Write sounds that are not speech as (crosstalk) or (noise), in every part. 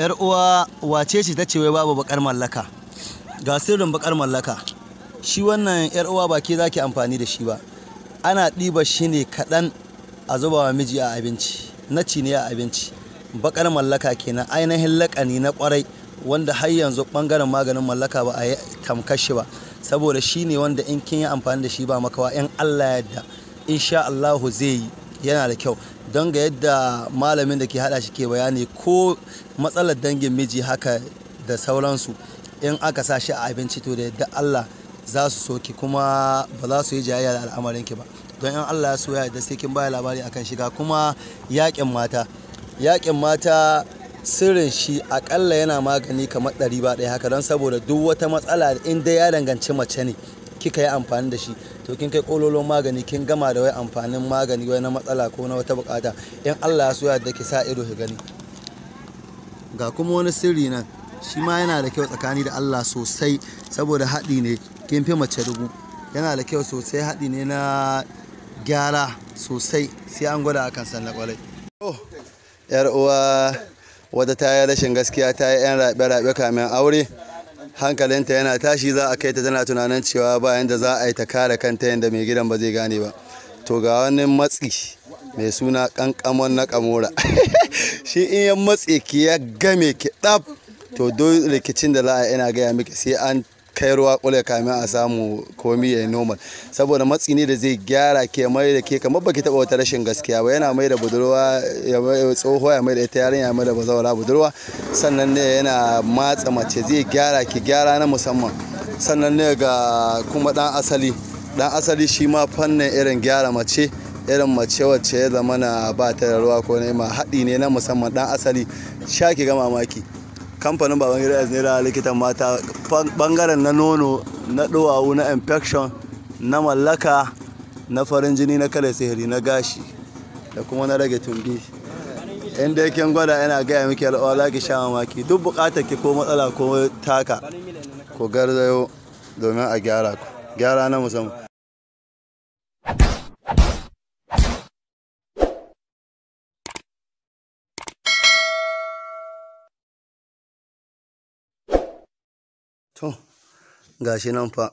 yar uwa wace ce ta ce wai babu bakar mallaka ga sirrin bakar mallaka shi wannan yar uwa ba ke zaki amfani da shi ba ana ɗiba shi ne kaɗan a zuba wa miji a abinci na ci ne a abinci bakar mallaka kenan ainihin laƙani na ƙwarai wanda har yanzu ɓangaren maganin mallaka ba a yi tamkashi ba saboda shi ne wanda in kin yi amfani da shi ba makawa in allah yadda insha allahu zai yi yana da kyau don ga yadda malamin da ke hada shi ke bayani ko matsalar dangin miji haka da sauransu in aka sa shi a abinci to da yadda Allah za su soki kuma ba za su yi jayayya da al'amarin ki ba don in Allah ya so ya da sai kin baya labari akan shiga kuma yakin mata yakin mata sirrin shi akalla yana magani kamar ɗari ba ɗaya haka don saboda duk wata matsala in dai ya danganci mace ne kika yi amfani da shi to kin kai kololon magani kin gama da wai amfanin magani wai na matsala ko na wata bukata in Allah ya so ya da ki sa ido ki gani ga kuma wani sirri nan shi ma yana da kyau tsakani da Allah sosai saboda haɗi ne kin fi mace dubu yana da kyau sosai haɗi ne na gyara sosai sai an gwada akan sannan kwarai yar uwa wadda ta yi rashin gaskiya ta yi yan rabe-rabe kamin aure hankalinta yana tashi za a kai ta tana tunanin cewa bayan da za a yi ta kare kanta yadda mai gidan ba zai gane ba to ga wani matsi mai suna kankamon na kamora (laughs) shi in ya matse ki ya game ki ɗaf to dole rikicin da la'a yana gaya miki sai an kai ruwa kule kamin a samu komi ya yi normal saboda matsi ne da zai gyara ke mai da ke kamar baki taba wata rashin gaskiya ba yana mai da budurwa ya tsoho ya mai da ita yarinya ya mai da bazawara budurwa sannan ne yana matsa mace zai gyara ki gyara na musamman sannan ne ga kuma dan asali dan asali shi ma fannin irin gyara mace irin mace wacce ya zama na ba ta da ruwa ko ma haɗi ne na musamman dan asali sha ki ga mamaki kamfanin baban gida ne da likitan mata bangaren na nono na duwawu na infection na mallaka na farin jini na kare sihiri na gashi da kuma na rage tumbi inda yake gwada yana gaya miki al'awa zaki ki sha mamaki duk bukatar ki ko matsala ko taka ko garzayo domin a gyara ku gyara na musamman to gashi nan fa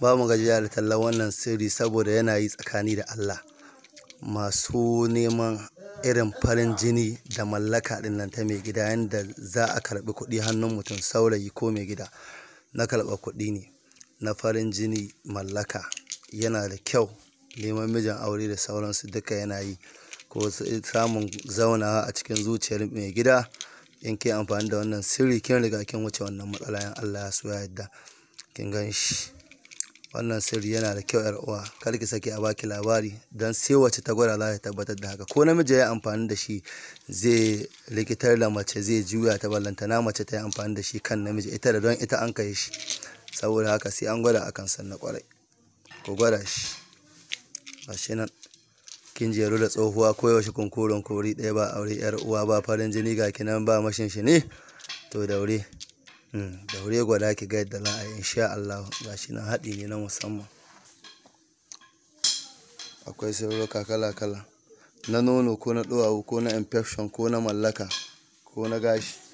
ba mu gajiya da tallan wannan sirri saboda yana yi tsakani da Allah masu neman irin farin jini da mallaka din nan ta mai gida yadda za a karɓi kuɗi hannun mutum saurayi ko mai gida na karɓa kuɗi ne na farin jini mallaka yana da kyau neman mijin aure da sauransu duka yana yi ko samun zaunawa a cikin zuciyar mai gida in yi amfani da wannan sirri kin riga kin wuce wannan matsala in Allah ya so yadda kin gan shi wannan sirri yana da kyau 'yar uwa kar ki sake a baki labari don sai wace ta gwada za tabbatar da haka ko namiji ya amfani da shi zai rikitar da mace zai juya ta ballanta na mace ta yi amfani da shi kan namiji ita da don ita an kai shi saboda haka sai an gwada akan sannan kwarai ku gwada shi ba shi nan kin jeru da tsohuwa koyaushe kunkurin kori ɗaya ba aure yar uwa ba farin jini ga kinan ba mashin shi ne to daure mm, daure gwada ki ga yadda za a yi insha Allah ga shi nan haɗi ne na musamman akwai sirruka kala-kala na nono ko na ɗuwawu ko na infection ko na mallaka ko na gashi